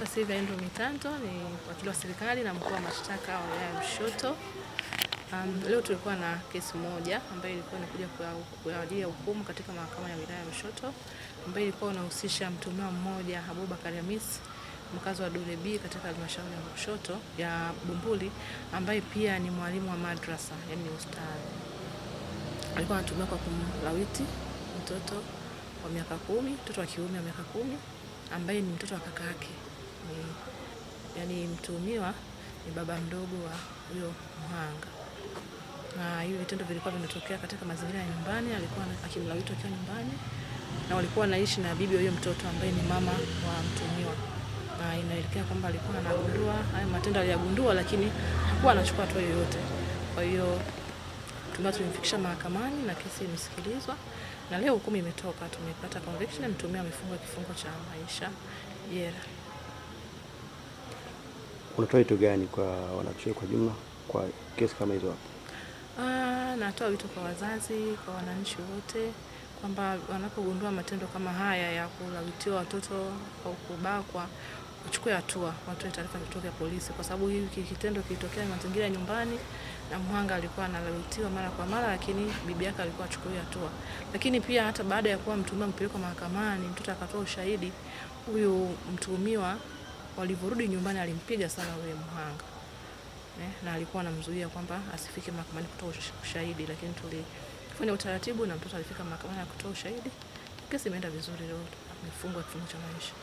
Sasa hivi Andrew Mitanto ni wakili wa serikali na mkuu wa mashtaka wa wilaya ya Lushoto. Um, leo tulikuwa na kesi moja ambayo ilikuwa inakuja kwa ajili ya hukumu katika mahakama ya wilaya ya Lushoto ambayo ilikuwa inahusisha mtuhumiwa mmoja Abubakar Hamisi mkazi wa Dule B katika halmashauri ya Lushoto ya Bumbuli ambaye pia ni mwalimu wa madrasa, yani ni ustadhi. Alikuwa anatuhumiwa kwa kumlawiti mtoto wa miaka kumi, mtoto wa kiume wa miaka kumi ambaye ni mtoto wa kaka yake. Ni yani mtuhumiwa ni baba mdogo wa huyo mhanga, na hiyo vitendo vilikuwa vinatokea katika mazingira ya nyumbani. Alikuwa akimlawiti akiwa nyumbani, na walikuwa anaishi na bibi huyo mtoto ambaye ni mama wa mtumiwa, na inaelekea kwamba alikuwa anagundua haya matendo, aliyagundua, lakini hakuwa anachukua hatua yoyote. Kwa hiyo mtumiwa tulimfikisha mahakamani na kesi imesikilizwa na leo hukumu imetoka, tumepata conviction. Mtumiwa amefungwa kifungo cha maisha jela unatoa wito gani kwa wanachuo kwa jumla kwa kesi kama hizo hapo? Ah, natoa wito kwa wazazi, kwa wananchi wote kwamba wanapogundua matendo kama haya ya kulawitiwa watoto au kubakwa wachukue hatua, watoe taarifa vituo vya polisi, kwa sababu hii kitendo kilitokea mazingira ya nyumbani na mhanga alikuwa analawitiwa mara kwa mara, lakini bibi yake alikuwa achukue hatua. Lakini pia hata baada ya kuwa mtuhumiwa amepelekwa mahakamani, mtoto akatoa ushahidi, huyu mtumiwa Walivyorudi nyumbani, alimpiga sana yule mhanga eh, na alikuwa anamzuia kwamba asifike mahakamani kutoa ushahidi, lakini tulifanya utaratibu na mtoto alifika mahakamani ya kutoa ushahidi. Kesi imeenda vizuri, leo amefungwa kifungo cha maisha.